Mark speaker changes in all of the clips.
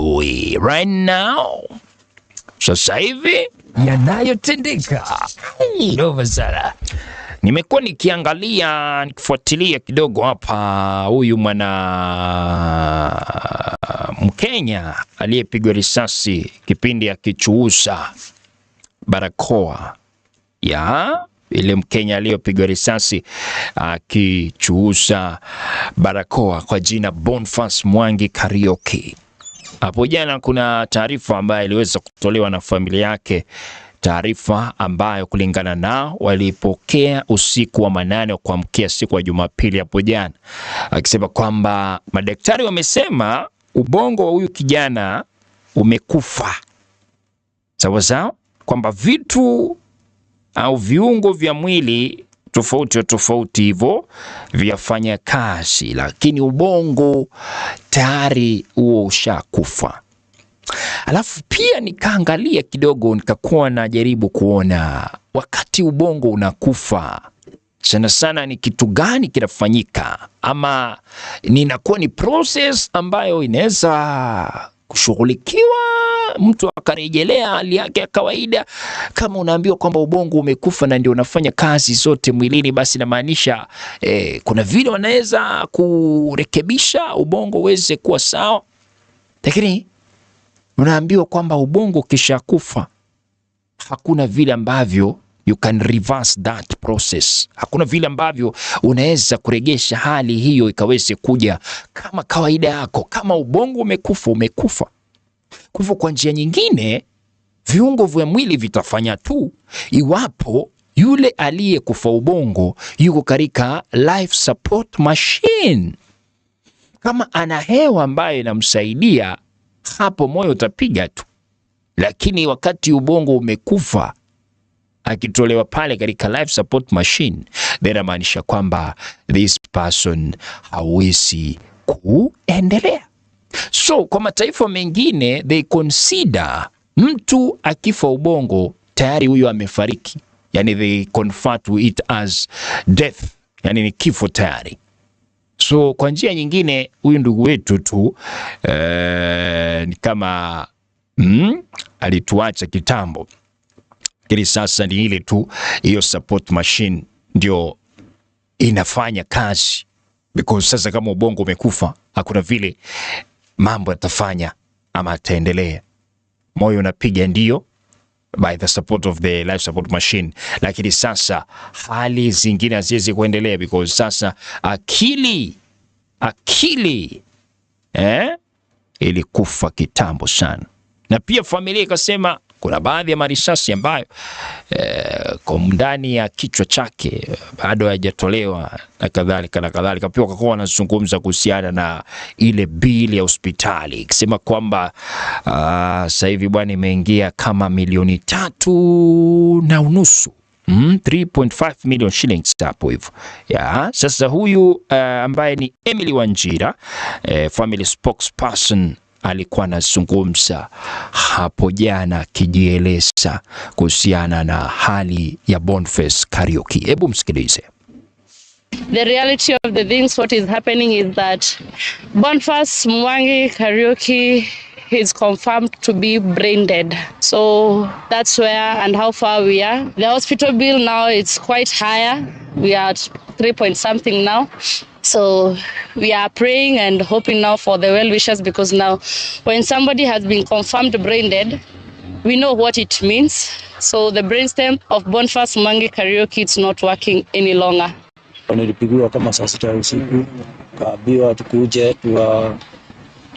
Speaker 1: asubuhi right now, sasa hivi yanayotendeka ndogo sana. Nimekuwa nikiangalia nikifuatilia kidogo hapa, huyu mwana Mkenya aliyepigwa risasi kipindi akichuusa barakoa ya ile Mkenya aliyopigwa risasi akichuusa barakoa kwa jina bonfas Mwangi karioki hapo jana kuna taarifa ambayo iliweza kutolewa na familia yake, taarifa ambayo kulingana nao walipokea usiku wa manane wa kuamkia siku ya Jumapili hapo jana, akisema kwamba madaktari wamesema ubongo wa huyu kijana umekufa, sawa sawa, kwamba vitu au viungo vya mwili tofauti tofauti hivyo vyafanya kazi, lakini ubongo tayari huo ushakufa. Alafu pia nikaangalia kidogo, nikakuwa najaribu kuona wakati ubongo unakufa sana sana ni kitu gani kinafanyika, ama ninakuwa ni process ambayo inaweza kushughulikiwa, mtu akarejelea hali yake ya kawaida. Kama unaambiwa kwamba ubongo umekufa na ndio unafanya kazi zote mwilini, basi namaanisha eh, kuna vile wanaweza kurekebisha ubongo uweze kuwa sawa, lakini unaambiwa kwamba ubongo kisha kufa hakuna vile ambavyo You can reverse that process. Hakuna vile ambavyo unaweza kuregesha hali hiyo ikaweze kuja kama kawaida yako. Kama ubongo umekufa, umekufa. Kwa hivyo, kwa njia nyingine, viungo vya mwili vitafanya tu iwapo yule aliyekufa ubongo yuko katika life support machine. Kama ana hewa ambayo inamsaidia hapo, moyo utapiga tu, lakini wakati ubongo umekufa akitolewa pale katika life support machine, then amaanisha kwamba this person hawezi kuendelea. So kwa mataifa mengine they consider mtu akifa ubongo tayari huyo amefariki, yani they to it as death, yani ni kifo tayari. So kwa njia nyingine huyu ndugu wetu tu eh, ni kama mm, alituacha kitambo. Nafikiri sasa ni ile tu hiyo support machine ndio inafanya kazi, because sasa kama ubongo umekufa, hakuna vile mambo yatafanya ama ataendelea. Moyo unapiga ndio by the support of the life support machine, lakini sasa hali zingine haziwezi kuendelea because sasa akili akili eh, ilikufa kitambo sana, na pia familia ikasema kuna baadhi ya marisasi ambayo eh, kwa ndani ya kichwa chake bado hayajatolewa na kadhalika na kadhalika. Pia wakakuwa wanazungumza kuhusiana na ile bili ya hospitali ikisema kwamba ah, sasa hivi bwana, imeingia kama milioni tatu na unusu Mm, 3.5 million shillings hapo hivyo. Ya, sasa huyu uh, ambaye ni Emily Wanjira, eh, family spokesperson alikuwa anazungumza hapo jana akijieleza kuhusiana na hali ya Boniface Kariuki. Hebu msikilize.
Speaker 2: The reality of the things what is happening is that Boniface Mwangi Kariuki is confirmed to be brain dead. So that's where and how far we are. The hospital bill now it's quite higher. We are at 3 point something now. So we are praying and hoping now for the well wishers because now when somebody has been confirmed brain dead, we know what it means. So the brainstem of Boniface mangi Kariuki is not working any longer.
Speaker 3: Nilipigiwa kama saa sita usiku, kaambiwa tukuje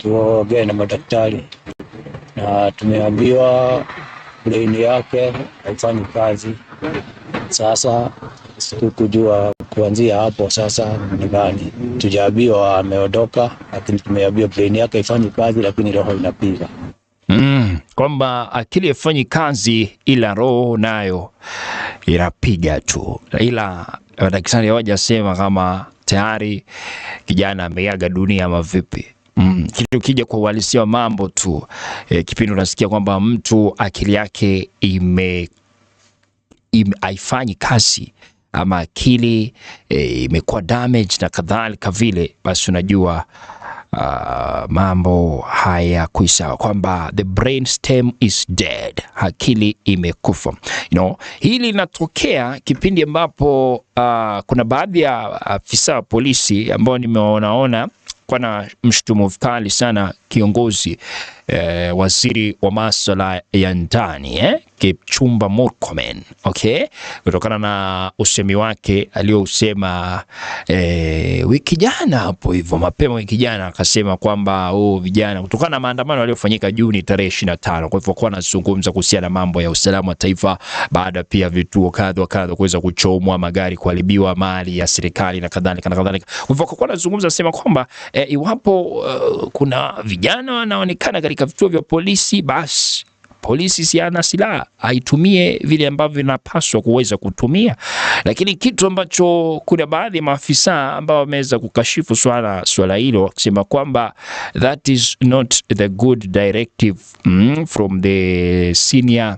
Speaker 3: tuongee na madaktari, na tumeambiwa brain yake haifanyi kazi. Sasa sikukujua kuanzia hapo sasa ni gani? Tujaambiwa ameondoka, lakini tumeambiwa brain yake ifanye kazi, lakini roho inapiga
Speaker 1: mm, kwamba akili haifanyi kazi ila roho nayo inapiga tu, ila eh, daktari hawajasema kama tayari kijana ameaga dunia ama vipi. Mm, kitu kija kwa uhalisia wa mambo tu e, kipindi unasikia kwamba mtu akili yake ime haifanyi kazi ama akili e, imekuwa damage na kadhalika vile, basi unajua uh, mambo haya kuisawa kwamba the brain stem is dead, akili imekufa you know, hili linatokea kipindi ambapo uh, kuna baadhi ya afisa wa polisi ambao nimewaonaona kwa na mshtumu vikali sana kiongozi e, waziri wa masuala ya ndani eh, Kipchumba Murkomen okay, kutokana na usemi wake aliyousema e, wiki jana hapo hivyo mapema wiki jana akasema kwamba oh, vijana kutokana na maandamano yaliyofanyika Juni tarehe 25. Kwa hivyo kwa anazungumza kuhusiana na mambo ya usalama wa taifa baada pia vituo kadha wa kadha kuweza kuchomwa, magari kuharibiwa, mali ya serikali na kadhalika na kadhalika. Kwa hivyo kwa anazungumza sema kwamba e, iwapo uh, kuna vijana wanaonekana katika vituo vya polisi, basi polisi ana silaha aitumie vile ambavyo inapaswa kuweza kutumia. Lakini kitu ambacho kuna baadhi ya maafisa ambao wameweza kukashifu swala swala hilo wakisema kwamba that is not the good directive mm, from the senior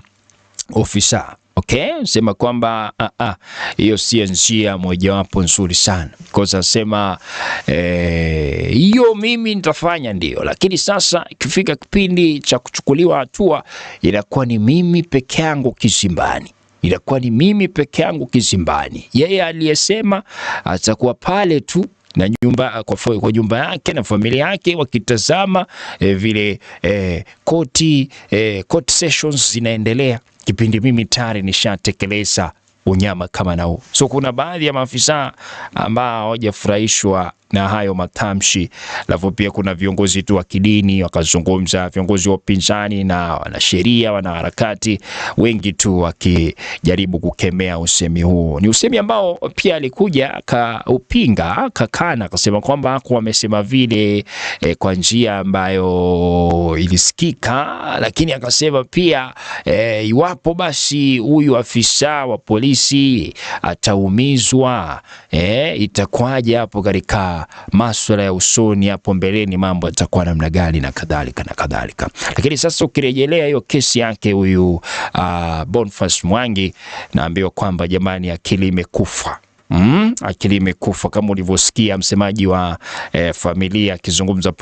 Speaker 1: officer Okay, sema kwamba ah, ah, hiyo si njia mojawapo nzuri sana kosa sema eh, hiyo mimi nitafanya ndio, lakini sasa ikifika kipindi cha kuchukuliwa hatua inakuwa ni mimi peke yangu kizimbani inakuwa ni mimi peke yangu kizimbani. Yeye aliyesema atakuwa pale tu na nyumba, kwa, kwa nyumba yake na familia yake wakitazama eh, vile eh, koti, eh, court sessions zinaendelea kipindi mimi tayari nishatekeleza unyama kama huu. So kuna baadhi ya maafisa ambao hawajafurahishwa na hayo matamshi. Alafu pia kuna viongozi tu wa kidini wakazungumza, viongozi wa upinzani na wanasheria, wanaharakati wengi tu wakijaribu kukemea usemi huu. Ni usemi ambao pia alikuja akaupinga, akakana, akasema kwamba hakuwa amesema vile e, kwa njia ambayo ilisikika, lakini akasema pia e, iwapo basi huyu afisa wa polisi ataumizwa e, itakwaje hapo katika masuala maswala ya usoni hapo mbeleni mambo yatakuwa namna gani na kadhalika na kadhalika. Lakini sasa ukirejelea hiyo kesi yake huyu uh, Boniface Mwangi, naambiwa kwamba jamani, akili imekufa. Mm, akili imekufa kama ulivyosikia msemaji wa eh, familia akizungumza